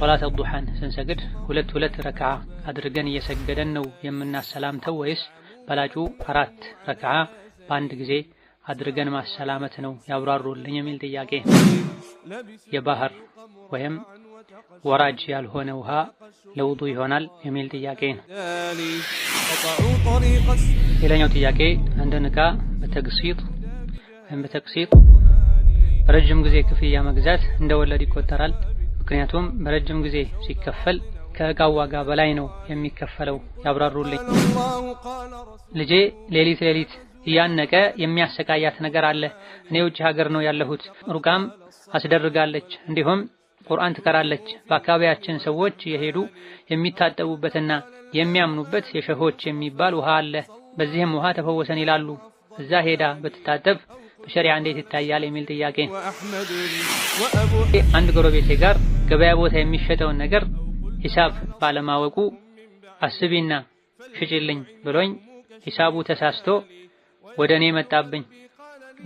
ሶላት አዱሓን ስንሰግድ ሁለት ሁለት ረክዓ አድርገን እየሰገደን ነው የምናሰላምተው ወይስ በላጩ አራት ረክዓ በአንድ ጊዜ አድርገን ማሰላመት ነው ያብራሩልኝ፣ የሚል ጥያቄ። የባህር ወይም ወራጅ ያልሆነ ውሃ ለውዱ ይሆናል የሚል ጥያቄ ነው። ሌላኛው ጥያቄ አንድን ዕቃ በተግሲጥ ወይም በተቅሲጥ ረጅም ጊዜ ክፍያ መግዛት እንደ ወለድ ይቆጠራል። ምክንያቱም በረጅም ጊዜ ሲከፈል ከእቃው ዋጋ በላይ ነው የሚከፈለው። ያብራሩልኝ። ልጄ ሌሊት ሌሊት እያነቀ የሚያሰቃያት ነገር አለ። እኔ ውጭ ሀገር ነው ያለሁት። ሩቃም አስደርጋለች፣ እንዲሁም ቁርአን ትቀራለች። በአካባቢያችን ሰዎች የሄዱ የሚታጠቡበትና የሚያምኑበት የሸሆች የሚባል ውሃ አለ። በዚህም ውሃ ተፈወሰን ይላሉ። እዛ ሄዳ ብትታጠብ በሸሪያ እንዴት ይታያል የሚል ጥያቄ። አንድ ጎረቤቴ ጋር ገበያ ቦታ የሚሸጠውን ነገር ሂሳብ ባለማወቁ አስቢና ሽጭልኝ ብሎኝ ሂሳቡ ተሳስቶ ወደ እኔ መጣብኝ።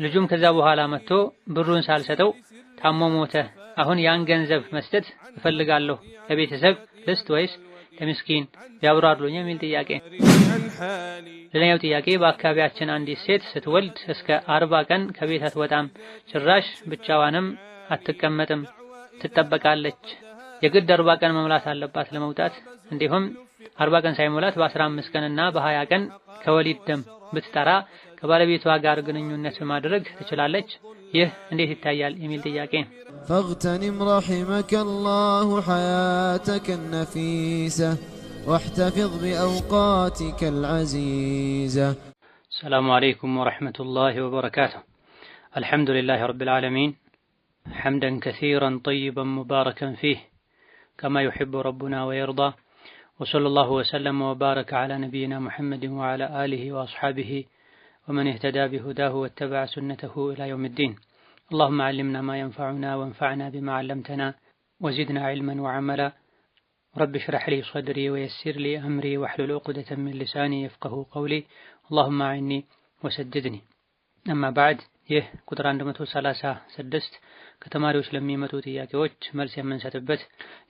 ልጁም ከዛ በኋላ መጥቶ ብሩን ሳልሰጠው ታሞ ሞተ። አሁን ያን ገንዘብ መስጠት እፈልጋለሁ ለቤተሰብ ልስጥ ወይስ ለምስኪን ያብራሩልኝ የሚል ጥያቄ። ሌላኛው ጥያቄ በአካባቢያችን አንዲት ሴት ስትወልድ እስከ አርባ ቀን ከቤት አትወጣም፣ ጭራሽ ብቻዋንም አትቀመጥም፣ ትጠበቃለች። የግድ አርባ ቀን መሙላት አለባት ለመውጣት። እንዲሁም አርባ ቀን ሳይሞላት በአስራ አምስት ቀንና በሀያ ቀን ከወሊድ ደም ብትጠራ ከባለቤቷ ጋር ግንኙነት ማድረግ ትችላለች። ይህ እንዴት ይታያል የሚል ጥያቄ فاغتنم رحمك الله حياتك النفيسة واحتفظ بأوقاتك العزيزة السلام عليكم ورحمة الله وبركاته الحمد لله رب العالمين حمدا كثيرا طيبا مباركا فيه كما يحب ربنا ويرضى وصلى الله وسلم وبارك على نبينا محمد وعلى آله وأصحابه ومن اهتدى بهداه واتبع سنته إلى يوم الدين اللهم علمنا ما ينفعنا وانفعنا بما علمتنا وزدنا علما وعملا رب اشرح لي صدري ويسر لي أمري واحلل عقدة من لساني يفقه قولي اللهم أعني وسددني أما بعد يه قدر عند متو سلاسة سدست كتماري وسلمي متو تياكي وش مرسي من ستبت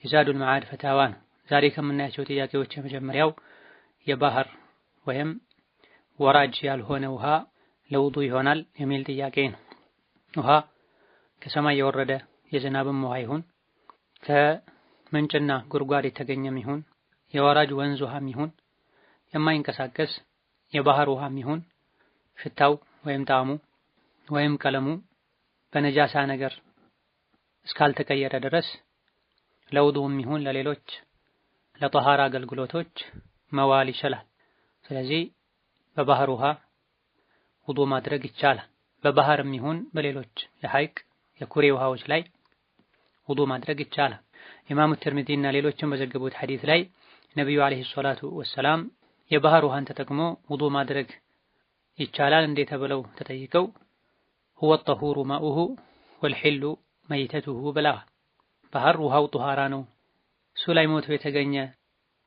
يزاد المعاد فتاوان ذلك من ناشو تياكي وش مجمريو يباهر وهم وراج يالهون وها لوضوي هونال يميل تياكين ውሃ ከሰማይ የወረደ የዝናብም ውሃ ይሁን ከምንጭና ጉድጓድ የተገኘም ይሁን የወራጅ ወንዝ ውሃም ይሁን የማይንቀሳቀስ የባህር ውሃም ይሁን ሽታው ወይም ጣዕሙ ወይም ቀለሙ በነጃሳ ነገር እስካልተቀየረ ድረስ ለውዱም ይሁን ለሌሎች ለጠሃራ አገልግሎቶች መዋል ይችላል። ስለዚህ በባህር ውሃ ውዱ ማድረግ ይቻላል። በባህር ይሁን በሌሎች የሐይቅ የኩሬ ውሃዎች ላይ ውዱእ ማድረግ ይቻላል። ኢማሙ ትርሚዚና ሌሎችም በዘገቡት ሐዲስ ላይ ነቢዩ አለይሂ ሰላቱ ወሰላም የባህር ውሃን ተጠቅሞ ውዱእ ማድረግ ይቻላል እንዴ ተብለው ተጠይቀው ሁወ ጠሁሩ ማኡሁ ወልሒሉ መይተቱሁ ብለዋል። ባህር ውሃው ጡሃራ ነው፣ እሱ ላይ ሞቶ የተገኘ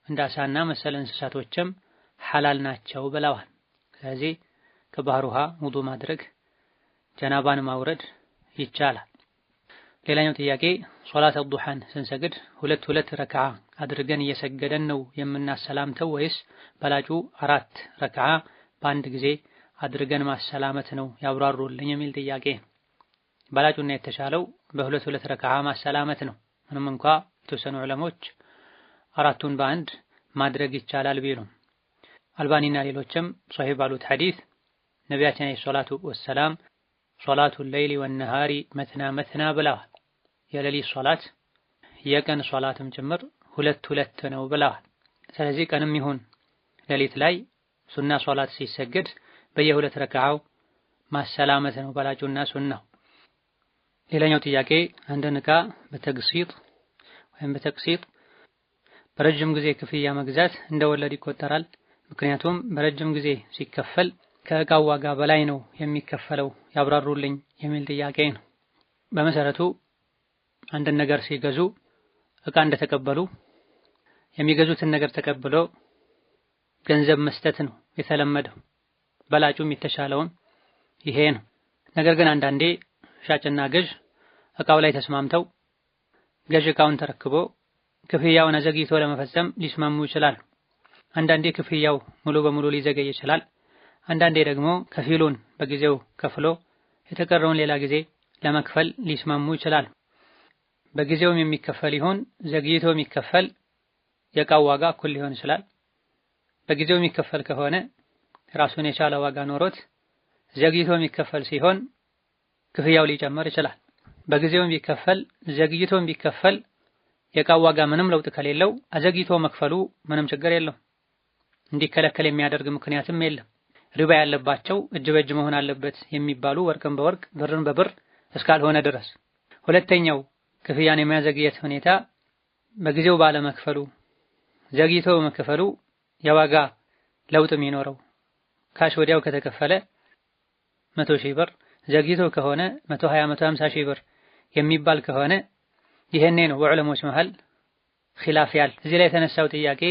እንደ አሳና መሰል እንስሳቶችም ሐላል ናቸው ብለዋል። ስለዚህ ከባህር ውሃ ውዱእ ማድረግ ጀናባን ማውረድ ይቻላል። ሌላኛው ጥያቄ ሶላት አዱሃን ስንሰግድ ሁለት ሁለት ረክዓ አድርገን እየሰገደን ነው የምናሰላምተው ወይስ በላጩ አራት ረክዓ በአንድ ጊዜ አድርገን ማሰላመት ነው ያብራሩልኝ የሚል ጥያቄ። በላጩና የተሻለው በሁለት ሁለት ረክዓ ማሰላመት ነው። ምንም እንኳ የተወሰኑ ዑለሞች አራቱን በአንድ ማድረግ ይቻላል ቢሉም አልባኒና ሌሎችም ሶሒህ ባሉት ሐዲስ ነቢያችን ዓለይሂ ሰላቱ ወሰላም ሶላቱ ለይሊ ወነሃሪ መትና መትና ብለዋል። የሌሊት ሶላት የቀን ሶላትም ጭምር ሁለት ሁለት ነው ብለዋል። ስለዚህ ቀንም ይሁን ሌሊት ላይ ሱና ሶላት ሲሰግድ በየሁለት ረክዓው ማሰላመት ነው በላጩና ሱናው። ሌላኛው ጥያቄ አንድን ዕቃ በተግሲጥ ወይም በተቅሲጥ በረጅም ጊዜ ክፍያ መግዛት እንደወለድ ይቆጠራል? ምክንያቱም በረጅም ጊዜ ሲከፈል ከእቃው ዋጋ በላይ ነው የሚከፈለው ያብራሩልኝ የሚል ጥያቄ ነው። በመሰረቱ አንድን ነገር ሲገዙ እቃ እንደተቀበሉ የሚገዙትን ነገር ተቀብሎ ገንዘብ መስጠት ነው የተለመደው። በላጩም የተሻለውም ይሄ ነው። ነገር ግን አንዳንዴ ሻጭና ገዥ እቃው ላይ ተስማምተው ገዥ እቃውን ተረክቦ ክፍያውን አዘግይቶ ለመፈጸም ሊስማሙ ይችላል። አንዳንዴ ክፍያው ሙሉ በሙሉ ሊዘገይ ይችላል። አንዳንዴ ደግሞ ከፊሉን በጊዜው ከፍሎ የተቀረውን ሌላ ጊዜ ለመክፈል ሊስማሙ ይችላል። በጊዜውም የሚከፈል ይሆን ዘግይቶ የሚከፈል የቃዋጋ ዋጋ እኩል ሊሆን ይችላል። በጊዜው የሚከፈል ከሆነ ራሱን የቻለ ዋጋ ኖሮት ዘግይቶ የሚከፈል ሲሆን ክፍያው ሊጨመር ይችላል። በጊዜውም ቢከፈል ዘግይቶም ቢከፈል የቃዋጋ ዋጋ ምንም ለውጥ ከሌለው አዘግይቶ መክፈሉ ምንም ችግር የለው እንዲከለከል የሚያደርግ ምክንያትም የለም። ሪባ ያለባቸው እጅ በእጅ መሆን አለበት የሚባሉ ወርቅን በወርቅ ብርን በብር እስካልሆነ ድረስ። ሁለተኛው ክፍያን የሚያዘግየት ሁኔታ በጊዜው ባለመክፈሉ ዘግይቶ መክፈሉ የዋጋ ለውጥ የሚኖረው ካሽ ወዲያው ከተከፈለ 100 ሺህ ብር ዘግይቶ ከሆነ 120 150 ሺህ ብር የሚባል ከሆነ ይሄኔ ነው በዑለሞች መሃል ኺላፍ ያል። እዚህ ላይ የተነሳው ጥያቄ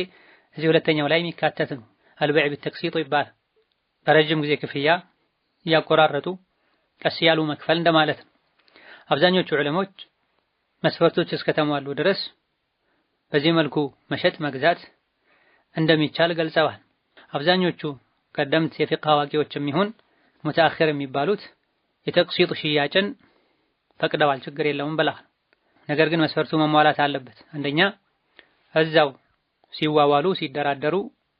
እዚህ ሁለተኛው ላይ የሚካተት ነው። አልበዕ ቢተቅሲጡ ይባላል። በረጅም ጊዜ ክፍያ እያቆራረጡ ቀስ ያሉ መክፈል እንደማለት ነው። አብዛኞቹ ዑለሞች መስፈርቶች እስከተሟሉ ድረስ በዚህ መልኩ መሸጥ መግዛት እንደሚቻል ገልጸዋል። አብዛኞቹ ቀደምት የፊቅህ አዋቂዎች የሚሆን ሙተአኺር የሚባሉት የተቅሲጥ ሽያጭን ፈቅደዋል፣ ችግር የለውም ብለዋል። ነገር ግን መስፈርቱ መሟላት አለበት። አንደኛ እዛው ሲዋዋሉ ሲደራደሩ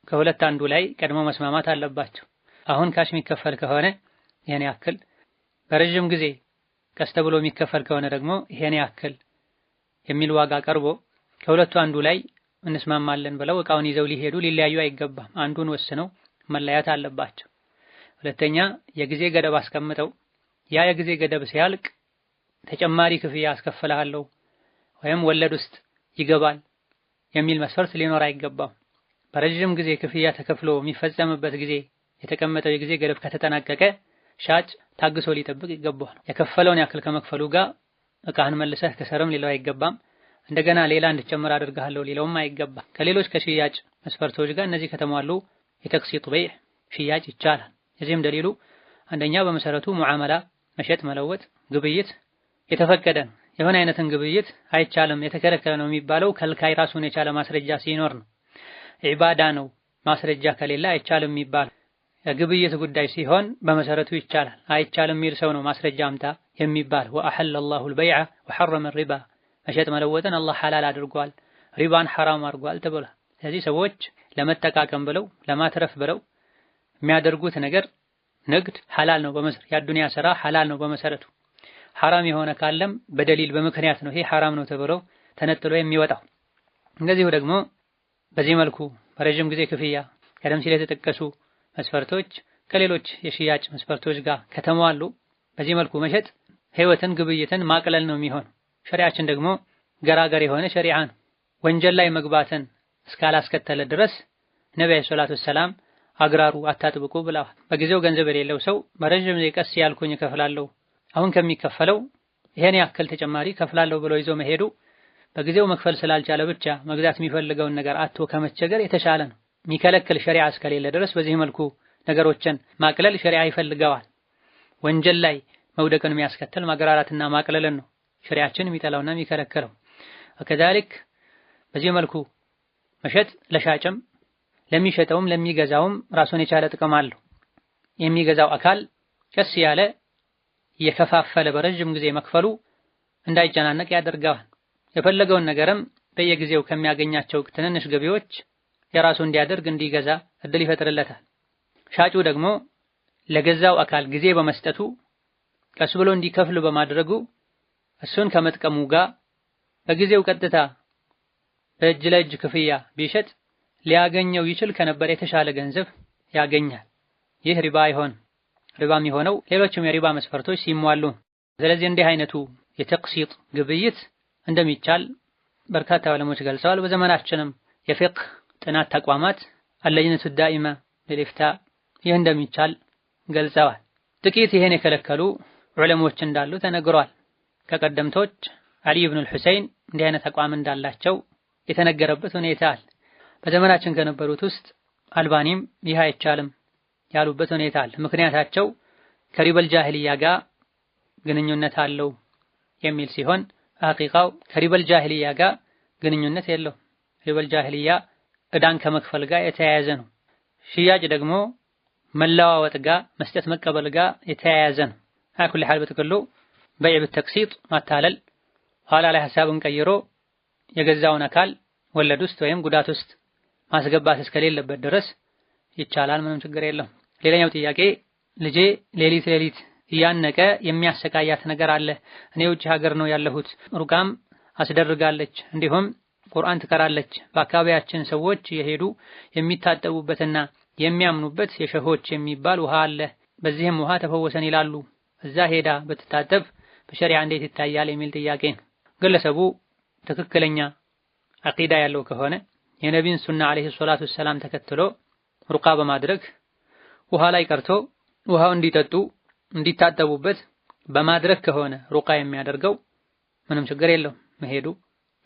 ከሁለት አንዱ ላይ ቀድሞ መስማማት አለባቸው። አሁን ካሽ የሚከፈል ከሆነ ይሄን ያክል፣ በረዥም ጊዜ ቀስ ተብሎ የሚከፈል ከሆነ ደግሞ ይሄን ያክል የሚል ዋጋ ቀርቦ ከሁለቱ አንዱ ላይ እንስማማለን ብለው እቃውን ይዘው ሊሄዱ ሊለያዩ አይገባም። አንዱን ወስነው መለያት አለባቸው። ሁለተኛ የጊዜ ገደብ አስቀምጠው ያ የጊዜ ገደብ ሲያልቅ ተጨማሪ ክፍያ አስከፍልሃለሁ ወይም ወለድ ውስጥ ይገባል የሚል መስፈርት ሊኖር አይገባም። በረዥም ጊዜ ክፍያ ተከፍሎ የሚፈጸምበት ጊዜ የተቀመጠው የጊዜ ገደብ ከተጠናቀቀ ሻጭ ታግሶ ሊጠብቅ ይገባዋል። የከፈለውን ያክል ከመክፈሉ ጋር እቃህን መልሰህ ከሰርም ሊለው አይገባም። እንደገና ሌላ እንድትጨምር አድርግሃለሁ ሊለውም አይገባም። ከሌሎች ከሽያጭ መስፈርቶች ጋር እነዚህ ከተሟሉ የተቅሲጡ በይዕ ሽያጭ ይቻላል። እዚህም ደሊሉ አንደኛ በመሰረቱ ሙዓመላ መሸጥ መለወጥ ግብይት የተፈቀደ የሆነ አይነትን ግብይት አይቻልም የተከለከለ ነው የሚባለው ከልካይ ራሱን የቻለ ማስረጃ ሲኖር ነው። ዒባዳ ነው ማስረጃ ከሌለ አይቻልም የሚባለው የግብይት ጉዳይ ሲሆን በመሰረቱ ይቻላል አይቻልም የሚል ሰው ነው ማስረጃ አምጣ የሚባል። ወአሐለ አላሁል በይዐ ወሐረመ ሪባ መሸጥ መለወጥን አላህ ሐላል አድርጓል፣ ሪባን ሐራም አድርጓል ተብሏል። ስለዚህ ሰዎች ለመጠቃቀም ብለው ለማትረፍ ብለው የሚያደርጉት ነገር ንግድ ሐላል ነው በመሰረቱ የአዱንያ ስራ ሐላል ነው በመሰረቱ። ሐራም የሆነ ካለም በደሊል በምክንያት ነው ይሄ ሐራም ነው ተብለው ተነጥሎ የሚወጣው። እንደዚሁ ደግሞ በዚህ መልኩ በረዥም ጊዜ ክፍያ ቀደም ሲል የተጠቀሱ መስፈርቶች ከሌሎች የሽያጭ መስፈርቶች ጋር ከተሟሉ በዚህ መልኩ መሸጥ ህይወትን፣ ግብይትን ማቅለል ነው የሚሆን። ሸሪዓችን ደግሞ ገራገር የሆነ ሸሪዓ ነው። ወንጀል ላይ መግባትን እስካላስከተለ ድረስ ነቢ ሰላቱ ሰላም አግራሩ አታጥብቁ ብለዋል። በጊዜው ገንዘብ የሌለው ሰው በረዥም ጊዜ ቀስ ያልኩኝ እከፍላለሁ፣ አሁን ከሚከፈለው ይሄን ያክል ተጨማሪ ከፍላለሁ ብሎ ይዞ መሄዱ በጊዜው መክፈል ስላልቻለ ብቻ መግዛት የሚፈልገውን ነገር አቶ ከመቸገር የተሻለ ነው። የሚከለክል ሸሪዓ እስከሌለ ድረስ በዚህ መልኩ ነገሮችን ማቅለል ሸሪዓ ይፈልገዋል። ወንጀል ላይ መውደቅን የሚያስከትል ማገራራትና ማቅለልን ነው ሸሪዓችን የሚጠላውና የሚከለክለው። ወከዛሊክ በዚህ መልኩ መሸጥ ለሻጭም ለሚሸጠውም ለሚገዛውም ራሱን የቻለ ጥቅም አለው። የሚገዛው አካል ቀስ ያለ የከፋፈለ በረዥም ጊዜ መክፈሉ እንዳይጨናነቅ ያደርገዋል። የፈለገውን ነገርም በየጊዜው ከሚያገኛቸው ትንንሽ ገቢዎች የራሱ እንዲያደርግ እንዲገዛ እድል ይፈጥርለታል። ሻጩ ደግሞ ለገዛው አካል ጊዜ በመስጠቱ ቀስ ብሎ እንዲከፍል በማድረጉ እሱን ከመጥቀሙ ጋር በጊዜው ቀጥታ በእጅ ለእጅ ክፍያ ቢሸጥ ሊያገኘው ይችል ከነበረ የተሻለ ገንዘብ ያገኛል። ይህ ሪባ ይሆን ሪባ የሚሆነው ሌሎችም የሪባ መስፈርቶች ሲሟሉ። ስለዚህ እንዲህ አይነቱ የተቅሲጥ ግብይት እንደሚቻል በርካታ ዓለሞች ገልጸዋል። በዘመናችንም የፊቅህ ጥናት ተቋማት አለጅነቱ ዳኢማ ለልፍታ ይህ እንደሚቻል ገልጸዋል። ጥቂት ይሄን የከለከሉ ዑለሞች እንዳሉ ተነግሯል። ከቀደምቶች አሊ ብኑ ልሑሰይን እንዲህ አይነት አቋም እንዳላቸው የተነገረበት ሁኔታ አለ። በዘመናችን ከነበሩት ውስጥ አልባኒም ይህ አይቻልም ያሉበት ሁኔታ አለ። ምክንያታቸው ከሪበል ጃሂልያ ጋር ግንኙነት አለው የሚል ሲሆን አቂቃው ከሪበል ጃሂልያ ጋር ግንኙነት የለው ሪበል ጃሂልያ እዳን ከመክፈል ጋር የተያያዘ ነው። ሽያጭ ደግሞ መለዋወጥ ጋር መስጠት መቀበል ጋር የተያያዘ ነው። አኩል ሐል በጥቅሉ በይዕ ብተቅሲጥ ማታለል፣ ኋላ ላይ ሐሳብን ቀይሮ የገዛውን አካል ወለድ ውስጥ ወይም ጉዳት ውስጥ ማስገባት እስከሌለበት ድረስ ይቻላል። ምንም ችግር የለም። ሌላኛው ጥያቄ ልጄ ሌሊት ሌሊት እያነቀ የሚያሰቃያት ነገር አለ። እኔ ውጭ ሀገር ነው ያለሁት፣ ሩቃም አስደርጋለች እንዲሁም ቁርአን ትቀራለች። በአካባቢያችን ሰዎች የሄዱ የሚታጠቡበትና የሚያምኑበት የሸሆች የሚባል ውሃ አለ። በዚህም ውሃ ተፈወሰን ይላሉ። እዛ ሄዳ ብትታጠብ በሸሪዓ እንዴት ይታያል የሚል ጥያቄ ነው። ግለሰቡ ትክክለኛ አቂዳ ያለው ከሆነ የነቢን ሱና አለይሂ ሰላቱ ሰላም ተከትሎ ሩቃ በማድረግ ውሃ ላይ ቀርቶ ውሃው እንዲጠጡ እንዲታጠቡበት በማድረግ ከሆነ ሩቃ የሚያደርገው ምንም ችግር የለው መሄዱ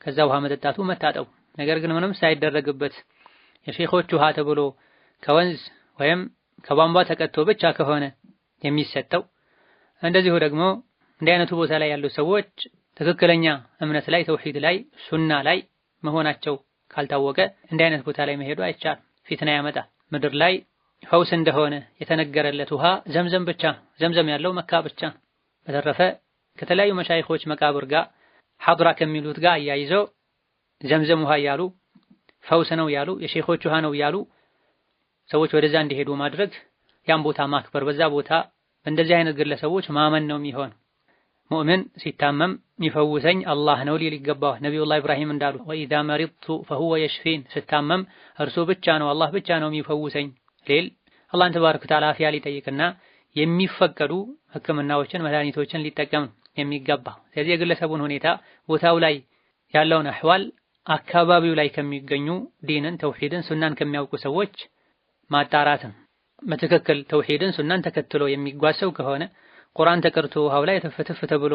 ከዛ ውሃ መጠጣቱ መታጠቡ ነገር ግን ምንም ሳይደረግበት የሼኾች ውሃ ተብሎ ከወንዝ ወይም ከቧንቧ ተቀጥቶ ብቻ ከሆነ የሚሰጠው እንደዚሁ ደግሞ እንዲህ አይነቱ ቦታ ላይ ያሉ ሰዎች ትክክለኛ እምነት ላይ ተውሂድ ላይ ሱና ላይ መሆናቸው ካልታወቀ እንዲህ አይነት ቦታ ላይ መሄዱ አይቻልም። ፊትና ያመጣል። ምድር ላይ ፈውስ እንደሆነ የተነገረለት ውሃ ዘምዘም ብቻ፣ ዘምዘም ያለው መካ ብቻ። በተረፈ ከተለያዩ መሻይኾች መቃብር ጋር ሐድራ ከሚሉት ጋር አያይዘው ዘምዘም ውሃ እያሉ ፈውስ ነው ያሉ የሼኾች ውሃ ነው ያሉ ሰዎች ወደዛ እንዲሄዱ ማድረግ ያን ቦታ ማክበር በዛ ቦታ በእንደዚህ አይነት ግለሰቦች ማመን ነው የሚሆን። ሙእምን ሲታመም የሚፈውሰኝ አላህ ነው ሊል ይገባዋል። ነቢዩላህ ኢብራሂም እንዳሉ ወኢዛ መሪጡ ፈሁወ የሽፊን፣ ስታመም እርሱ ብቻ ነው አላህ ብቻ ነው የሚፈውሰኝ ሌል አላህን ተባረክ ወተዓላ አፍያ ሊጠይቅና የሚፈቀዱ ህክምናዎችን መድኃኒቶችን ሊጠቀም ነው። የሚገባ ስለዚህ የግለሰቡን ሁኔታ ቦታው ላይ ያለውን አህዋል አካባቢው ላይ ከሚገኙ ዲንን፣ ተውሂድን፣ ሱናን ከሚያውቁ ሰዎች ማጣራትም በትክክል ተውሂድን፣ ሱናን ተከትሎ የሚጓሰው ከሆነ ቁርአን ተቀርቶ ውሃው ላይ ተፈተፈ ተብሎ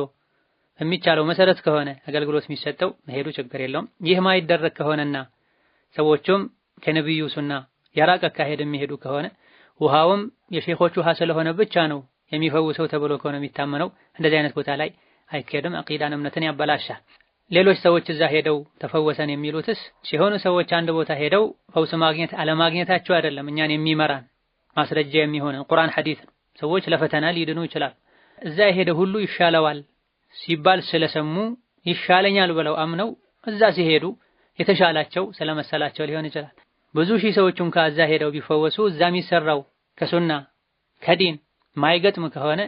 የሚቻለው መሰረት ከሆነ አገልግሎት የሚሰጠው መሄዱ ችግር የለውም። ይህ ማይደረግ ከሆነና ሰዎቹም ከነብዩ ሱና የራቀ አካሄድ የሚሄዱ ከሆነ ውሃውም የሼኾቹ ውሃ ስለሆነ ብቻ ነው የሚፈውሰው ተብሎ ከሆነ የሚታመነው እንደዚህ አይነት ቦታ ላይ አይካሄድም። አቂዳን እምነትን ያበላሻል። ሌሎች ሰዎች እዛ ሄደው ተፈወሰን የሚሉትስ ሲሆኑ ሰዎች አንድ ቦታ ሄደው ፈውስ ማግኘት አለማግኘታቸው አይደለም እኛን የሚመራን ማስረጃ የሚሆነን ቁርአን ሐዲስ ነው። ሰዎች ለፈተና ሊድኑ ይችላል። እዛ የሄደ ሁሉ ይሻለዋል ሲባል ስለሰሙ ይሻለኛል ብለው አምነው እዛ ሲሄዱ የተሻላቸው ስለመሰላቸው ሊሆን ይችላል። ብዙ ሺህ ሰዎች እንኳ እዛ ሄደው ቢፈወሱ እዛ የሚሰራው ከሱና ከዲን ማይገጥም ከሆነ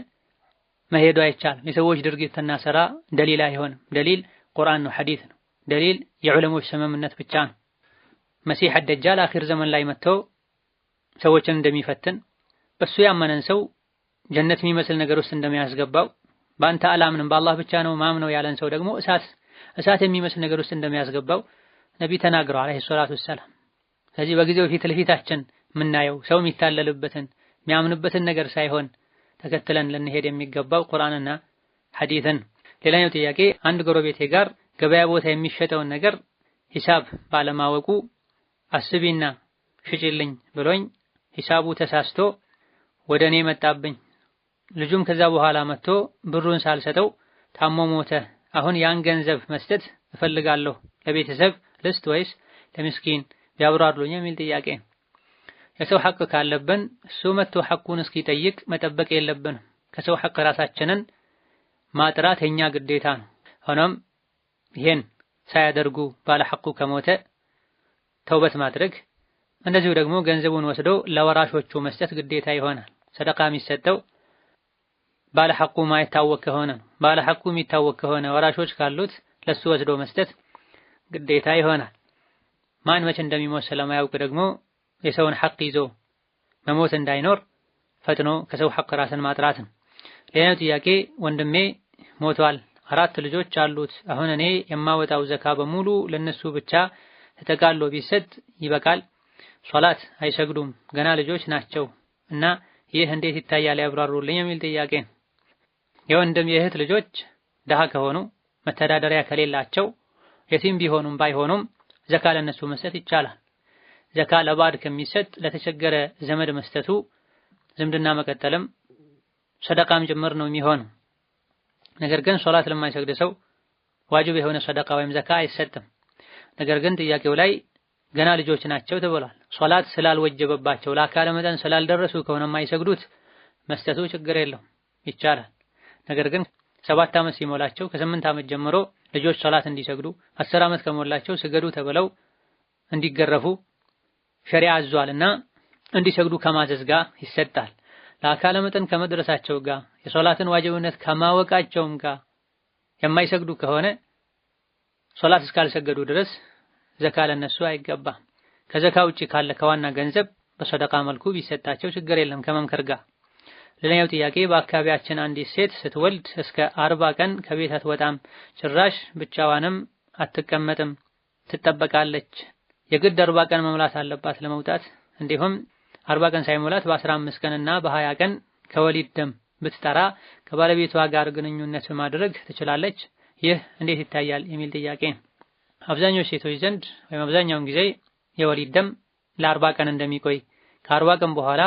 መሄዱ አይቻልም። የሰዎች ድርጊትና ስራ ደሊል አይሆንም። ደሊል ቁርአን ነው፣ ሐዲስ ነው። ደሊል የዑለሞች ስምምነት ብቻ ነው። መሲህ አደጃል አኺር ዘመን ላይ መጥቶ ሰዎችን እንደሚፈትን እሱ ያመነን ሰው ጀነት የሚመስል ነገር ውስጥ እንደሚያስገባው በአንተ አላምንም በአላህ ብቻ ነው ማምነው ያለን ሰው ደግሞ እሳት እሳት የሚመስል ነገር ውስጥ እንደሚያስገባው ነቢይ ተናግረው አለይሂ ሰላቱ ወሰላም። ስለዚህ በጊዜው ፊት ለፊታችን የምናየው ሰው የሚታለልበትን የሚያምንበትን ነገር ሳይሆን ተከትለን ልንሄድ የሚገባው ቁርአንና ሐዲትን። ሌላኛው ጥያቄ አንድ ጎረቤቴ ጋር ገበያ ቦታ የሚሸጠውን ነገር ሂሳብ ባለማወቁ አስቢና ሽጭልኝ ብሎኝ ሂሳቡ ተሳስቶ ወደ እኔ መጣብኝ። ልጁም ከዛ በኋላ መጥቶ ብሩን ሳልሰጠው ታሞ ሞተ። አሁን ያን ገንዘብ መስጠት እፈልጋለሁ። ለቤተሰብ ልስጥ ወይስ ለምስኪን ቢያብራሩልኝ የሚል ጥያቄ የሰው ሐቅ ካለብን እሱ መጥቶ ሐቁን እስኪጠይቅ መጠበቅ የለብንም። ከሰው ሐቅ ራሳችንን ማጥራት የኛ ግዴታ ነው። ሆኖም ይሄን ሳያደርጉ ባለ ሐቁ ከሞተ ተውበት ማድረግ እንደዚሁ ደግሞ ገንዘቡን ወስዶ ለወራሾቹ መስጠት ግዴታ ይሆናል። ሰደቃ የሚሰጠው ባለ ሐቁ ማይታወቅ ከሆነ ነው። ባለ ሐቁ የሚታወቅ ከሆነ ወራሾች ካሉት ለሱ ወስዶ መስጠት ግዴታ ይሆናል። ማን መቼ እንደሚሞት ስለማያውቅ ደግሞ የሰውን ሐቅ ይዞ መሞት እንዳይኖር ፈጥኖ ከሰው ሐቅ ራስን ማጥራት ነው። ሌላው ጥያቄ ወንድሜ ሞቷል፣ አራት ልጆች አሉት። አሁን እኔ የማወጣው ዘካ በሙሉ ለነሱ ብቻ ተጠቃሎ ቢሰጥ ይበቃል? ሶላት አይሰግዱም፣ ገና ልጆች ናቸው እና ይህ እንዴት ይታያል ያብራሩልኝ የሚል ጥያቄ የወንድም የእህት ልጆች ደሃ ከሆኑ መተዳደሪያ ከሌላቸው የትም ቢሆኑም ባይሆኑም ዘካ ለነሱ መስጠት ይቻላል። ዘካ ለባድ ከሚሰጥ ለተቸገረ ዘመድ መስጠቱ ዝምድና መቀጠልም ሰደቃም ጭምር ነው የሚሆን ነገር ግን ሶላት ለማይሰግድ ሰው ዋጅብ የሆነ ሰደቃ ወይም ዘካ አይሰጥም። ነገር ግን ጥያቄው ላይ ገና ልጆች ናቸው ተብሏል። ሶላት ስላልወጀበባቸው ለአካለ መጠን ስላልደረሱ ከሆነ የማይሰግዱት መስጠቱ ችግር የለውም ይቻላል። ነገር ግን ሰባት ዓመት ሲሞላቸው ከስምንት ዓመት ጀምሮ ልጆች ሶላት እንዲሰግዱ፣ አስር ዓመት ከሞላቸው ስገዱ ተብለው እንዲገረፉ ሸሪያ አዟልና እንዲሰግዱ ከማዘዝ ጋር ይሰጣል። ለአካለ መጠን ከመድረሳቸው ጋር የሶላትን ዋጅብነት ከማወቃቸውም ጋር የማይሰግዱ ከሆነ ሶላት እስካልሰገዱ ድረስ ዘካ ለነሱ አይገባም። ከዘካ ውጪ ካለ ከዋና ገንዘብ በሰደቃ መልኩ ቢሰጣቸው ችግር የለም ከመምከር ጋር። ሌላኛው ጥያቄ በአካባቢያችን አንዲት ሴት ስትወልድ እስከ አርባ ቀን ከቤት አትወጣም፣ ጭራሽ ብቻዋንም አትቀመጥም፣ ትጠበቃለች የግድ አርባ ቀን መሙላት አለባት ለመውጣት። እንዲሁም አርባ ቀን ሳይሞላት በአስራ አምስት ቀንና በሀያ ቀን ከወሊድ ደም ብትጠራ ከባለቤቷ ጋር ግንኙነት ማድረግ ትችላለች። ይህ እንዴት ይታያል የሚል ጥያቄ። አብዛኞች ሴቶች ዘንድ ወይም አብዛኛውን ጊዜ የወሊድ ደም ለአርባ ቀን እንደሚቆይ ከአርባ ቀን በኋላ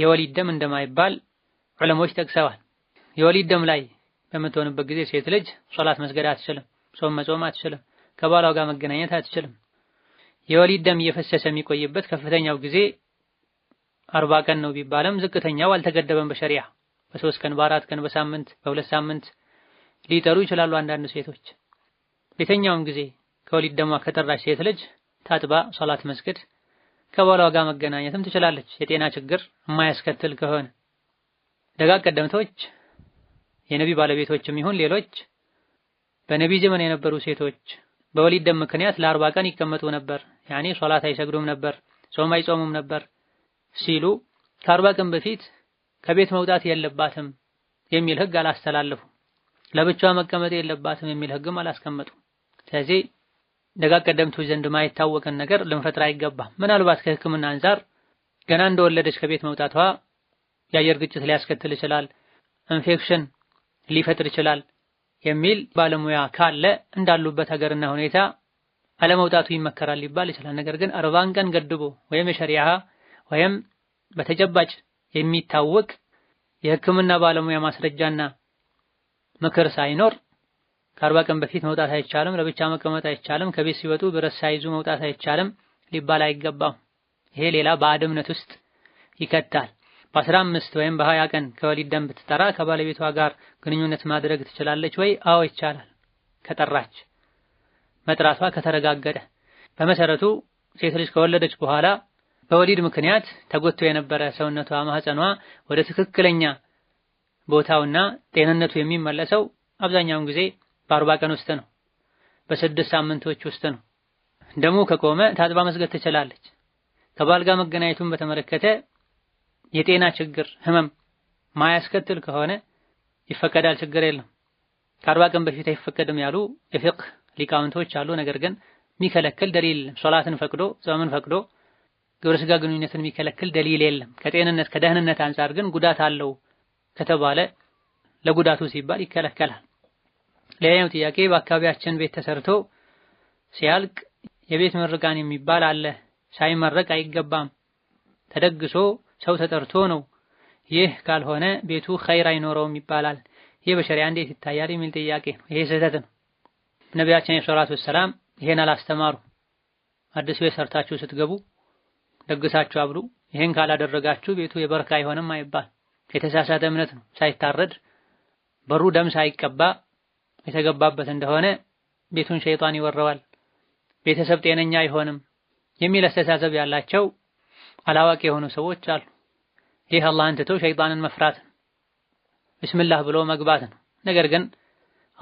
የወሊድ ደም እንደማይባል ዑለሞች ጠቅሰዋል። የወሊድ ደም ላይ በምትሆንበት ጊዜ ሴት ልጅ ሶላት መስገድ አትችልም፣ ጾም መጾም አትችልም፣ ከባሏ ጋር መገናኘት አትችልም። የወሊድ ደም እየፈሰሰ የሚቆይበት ከፍተኛው ጊዜ አርባ ቀን ነው ቢባልም ዝቅተኛው አልተገደበም በሸሪያ በሶስት ቀን፣ በአራት ቀን፣ በሳምንት፣ በሁለት ሳምንት ሊጠሩ ይችላሉ አንዳንድ ሴቶች። የትኛውም ጊዜ ከወሊድ ደሟ ከጠራች ሴት ልጅ ታጥባ ሶላት መስገድ ከባሏ ጋር መገናኘትም ትችላለች፣ የጤና ችግር የማያስከትል ከሆነ። ደጋግ ቀደምቶች የነቢ ባለቤቶችም ይሁን ሌሎች በነቢ ዘመን የነበሩ ሴቶች በወሊድ ደም ምክንያት ለአርባ ቀን ይቀመጡ ነበር፣ ያኔ ሶላት አይሰግዱም ነበር፣ ጾም አይጾሙም ነበር ሲሉ ከአርባ ቀን በፊት ከቤት መውጣት የለባትም የሚል ህግ አላስተላለፉ። ለብቻዋ መቀመጥ የለባትም የሚል ህግም አላስቀመጡ። ስለዚህ ደጋግ ቀደምቱ ዘንድ ማይታወቅን ነገር ልንፈጥር አይገባም። ምናልባት ከህክምና አንጻር ገና እንደወለደች ከቤት መውጣቷ የአየር ግጭት ሊያስከትል ይችላል፣ ኢንፌክሽን ሊፈጥር ይችላል የሚል ባለሙያ ካለ እንዳሉበት ሀገርና ሁኔታ አለመውጣቱ ይመከራል ሊባል ይችላል። ነገር ግን አርባን ቀን ገድቦ ወይም የሸሪዓ ወይም በተጨባጭ የሚታወቅ የሕክምና ባለሙያ ማስረጃና ምክር ሳይኖር ከአርባ ቀን በፊት መውጣት አይቻልም፣ ለብቻ መቀመጥ አይቻልም፣ ከቤት ሲወጡ ብረት ሳይዙ መውጣት አይቻልም ሊባል አይገባም። ይሄ ሌላ ባዕድ እምነት ውስጥ ይከታል። በአስራ አምስት ወይም በሀያ ቀን ከወሊድ ደም ብትጠራ ከባለቤቷ ጋር ግንኙነት ማድረግ ትችላለች ወይ? አዎ ይቻላል፣ ከጠራች መጥራቷ ከተረጋገጠ። በመሰረቱ ሴት ልጅ ከወለደች በኋላ በወሊድ ምክንያት ተጎድቶ የነበረ ሰውነቷ ማህፀኗ ወደ ትክክለኛ ቦታውና ጤንነቱ የሚመለሰው አብዛኛውን ጊዜ በአርባ ቀን ውስጥ ነው፣ በስድስት ሳምንቶች ውስጥ ነው። ደሙ ከቆመ ታጥባ መስገድ ትችላለች። ከባል ጋር መገናኘቱን በተመለከተ የጤና ችግር ህመም ማያስከትል ከሆነ ይፈቀዳል፣ ችግር የለም። ከአርባ ቀን በፊት አይፈቀድም ያሉ የፍቅህ ሊቃውንቶች አሉ። ነገር ግን የሚከለክል ደሊል የለም። ሶላትን ፈቅዶ ጾምን ፈቅዶ ግብረ ስጋ ግንኙነትን የሚከለክል ደሊል የለም። ከጤንነት ከደህንነት አንጻር ግን ጉዳት አለው ከተባለ ለጉዳቱ ሲባል ይከለከላል። ሌላኛው ጥያቄ በአካባቢያችን ቤት ተሰርቶ ሲያልቅ የቤት ምርቃን የሚባል አለ። ሳይመረቅ አይገባም ተደግሶ ሰው ተጠርቶ ነው። ይህ ካልሆነ ቤቱ ኸይር አይኖረውም ይባላል። ይህ በሸሪያ እንዴት ይታያል የሚል ጥያቄ ነው። ይሄ ስህተት ነው። ነቢያችን ዐለይሂ ወሰላም ይሄን አላስተማሩ። አዲስ ቤት ሰርታችሁ ስትገቡ ደግሳችሁ አብሉ፣ ይሄን ካላደረጋችሁ ቤቱ የበረካ አይሆንም አይባል። የተሳሳተ እምነት ነው። ሳይታረድ በሩ ደም ሳይቀባ የተገባበት እንደሆነ ቤቱን ሸይጣን ይወረዋል፣ ቤተሰብ ጤነኛ አይሆንም የሚል አስተሳሰብ ያላቸው አላዋቂ የሆኑ ሰዎች አሉ። ይህ አላህን ትቶ ሸይጣንን መፍራት ነው። ብስምላህ ብሎ መግባት ነው። ነገር ግን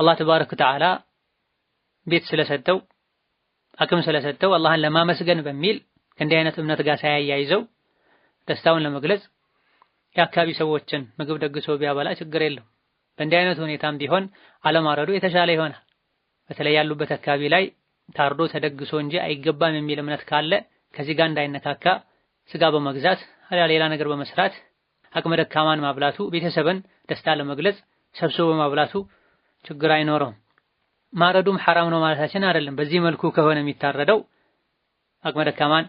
አላህ ተባረከ ወተዓላ ቤት ስለሰጠው አቅም ስለሰጠው አላህን ለማመስገን በሚል ከእንዲህ አይነት እምነት ጋር ሳያያይዘው ደስታውን ለመግለጽ የአካባቢ ሰዎችን ምግብ ደግሶ ቢያበላ ችግር የለው። በእንዲህ አይነት ሁኔታም ቢሆን አለማረዱ የተሻለ ይሆናል። በተለይ ያሉበት አካባቢ ላይ ታርዶ ተደግሶ እንጂ አይገባም የሚል እምነት ካለ ከዚህ ጋር እንዳይነካካ ስጋ በመግዛት አሊያ ሌላ ነገር በመስራት አቅመ ደካማን ማብላቱ ቤተሰብን ደስታ ለመግለጽ ሰብስቦ ማብላቱ ችግር አይኖረውም። ማረዱም ሐራም ነው ማለታችን አይደለም። በዚህ መልኩ ከሆነ የሚታረደው አቅመ ደካማን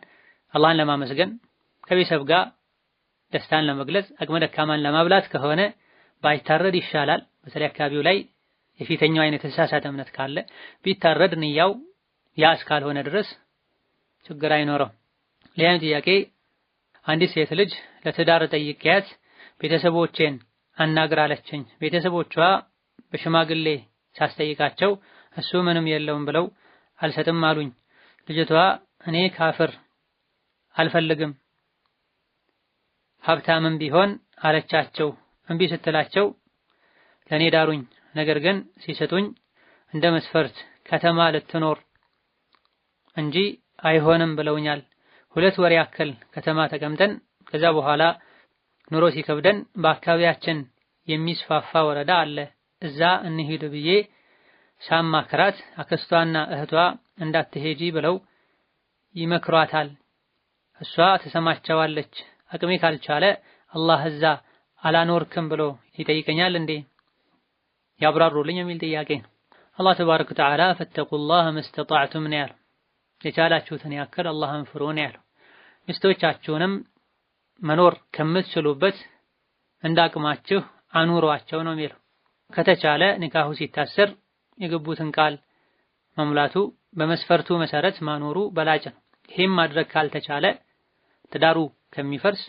አላህን ለማመስገን ከቤተሰብ ጋር ደስታን ለመግለጽ አቅመ ደካማን ለማብላት ከሆነ ባይታረድ ይሻላል። በተለይ አካባቢው ላይ የፊተኛው አይነት የተሳሳተ እምነት ካለ ቢታረድ ንያው ያ እስካልሆነ ድረስ ችግር አይኖረው። ሌላኛው ጥያቄ አንዲት ሴት ልጅ ለትዳር ጠይቄያት ቤተሰቦቼን አናግራለችኝ። ቤተሰቦቿ በሽማግሌ ሳስጠይቃቸው እሱ ምንም የለውም ብለው አልሰጥም አሉኝ። ልጅቷ እኔ ካፍር አልፈልግም ሀብታምም ቢሆን አለቻቸው። እምቢ ስትላቸው ለእኔ ዳሩኝ፣ ነገር ግን ሲሰጡኝ እንደ መስፈርት ከተማ ልትኖር እንጂ አይሆንም ብለውኛል ሁለት ወር ያክል ከተማ ተቀምጠን ከዛ በኋላ ኑሮ ሲከብደን በአካባቢያችን የሚስፋፋ ወረዳ አለ እዛ እንሂድ ብዬ ሳማክራት አክስቷና እህቷ እንዳትሄጂ ብለው ይመክሯታል። እሷ ተሰማቸዋለች። አቅሜ ካልቻለ አላህ እዛ አላኖርክም ብሎ ይጠይቀኛል እንዴ? ያብራሩልኝ የሚል ጥያቄ ነው። አላህ ተባረከ ወተዓላ ፈተቁላህ መስተጣዕቱም ነው ያለው። የቻላችሁትን ያክል አላህን ፍሩን ያለው። ሚስቶቻችሁንም መኖር ከምትችሉበት እንዳቅማችሁ አኑሯቸው ነው የሚለው። ከተቻለ ኒካሁ ሲታሰር የገቡትን ቃል መሙላቱ በመስፈርቱ መሰረት ማኖሩ በላጭ ነው። ይህም ማድረግ ካልተቻለ ትዳሩ ከሚፈርስ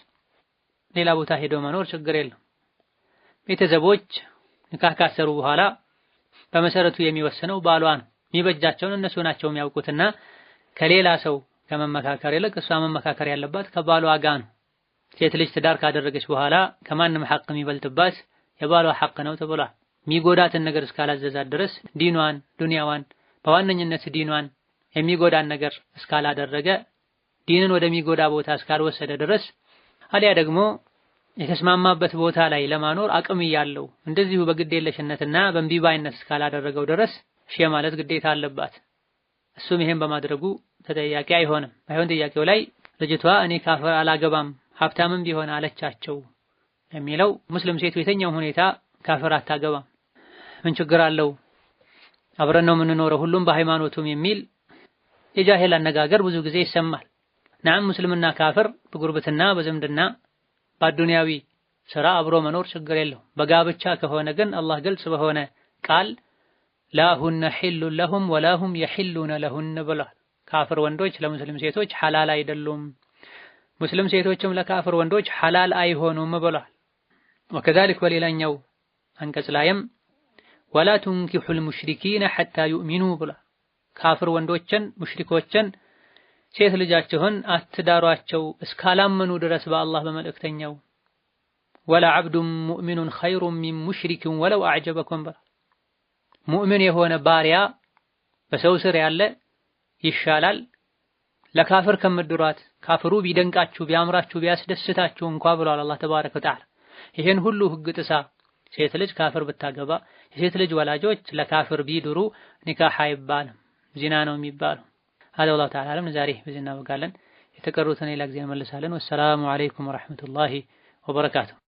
ሌላ ቦታ ሄዶ መኖር ችግር የለም። ቤተሰቦች ኒካህ ካሰሩ በኋላ በመሰረቱ የሚወስነው ባሏ ነው። የሚበጃቸውን እነሱ ናቸው የሚያውቁትና ከሌላ ሰው ከመመካከር ይልቅ እሷ መመካከር ያለባት ከባሏ ጋ ነው። ሴት ልጅ ትዳር ካደረገች በኋላ ከማንም ሐቅ የሚበልጥባት የባሏ ሐቅ ነው ተብሏል። የሚጎዳትን ነገር እስካላዘዛት ድረስ ዲኗን፣ ዱንያዋን በዋነኝነት ዲኗን የሚጎዳን ነገር እስካላደረገ ዲንን ወደሚጎዳ ቦታ እስካልወሰደ ድረስ አሊያ ደግሞ የተስማማበት ቦታ ላይ ለማኖር አቅም እያለው እንደዚሁ በግዴለሽነትና በእምቢባይነት እስካላደረገው ድረስ ሺ ማለት ግዴታ አለባት። እሱም ይሄን በማድረጉ ተጠያቂ አይሆንም። ባይሆን ጥያቄው ላይ ልጅቷ እኔ ካፈር አላገባም ሀብታምም ቢሆን አለቻቸው የሚለው ሙስሊም ሴት የተኛው ሁኔታ ካፈር አታገባም ምን ችግር አለው አብረን ነው የምንኖረው ሁሉም በሃይማኖቱም የሚል የጃሄል አነጋገር ብዙ ጊዜ ይሰማል። ናም ሙስልምና ካፈር በጉርብትና በዝምድና በአዱንያዊ ስራ አብሮ መኖር ችግር የለው። በጋብቻ ከሆነ ግን አላህ ግልጽ በሆነ ቃል لا هن حل لهم ولا هم يحلون لهن بلا كافر وندوج لمسلم سيتوج حلال أي دلهم مسلم سيتوج لا كافر وندوج حلال أي هونهم بلا وكذلك وللنيو أنك سلايم ولا تنكح المشركين حتى يؤمنوا بلا كافر وندوجن مشركوجن سيث لجاتهن أتدارو أتشو اسكالام منو درس با الله بملك تنيو ولا عبد مؤمن خير من مشرك ولو أعجبكم بلا ሙእምን የሆነ ባሪያ በሰው ስር ያለ ይሻላል ለካፍር ከምድሯት ካፍሩ ቢደንቃችሁ ቢያምራችሁ ቢያስደስታችሁ እንኳ ብሏል አላህ ተባረከ ወተዓላ። ይሄን ሁሉ ህግ ጥሳ ሴት ልጅ ካፍር ብታገባ የሴት ልጅ ወላጆች ለካፍር ቢድሩ ኒካህ አይባልም፣ ዚና ነው የሚባለው። ሀዛ ወላሁ ተዓላ አለም። ዛሬ በዚህ እናበቃለን። የተቀሩትን ሌላ ጊዜ እንመልሳለን። ወሰላሙ አለይኩም ወረሕመቱላሂ ወበረካቱ።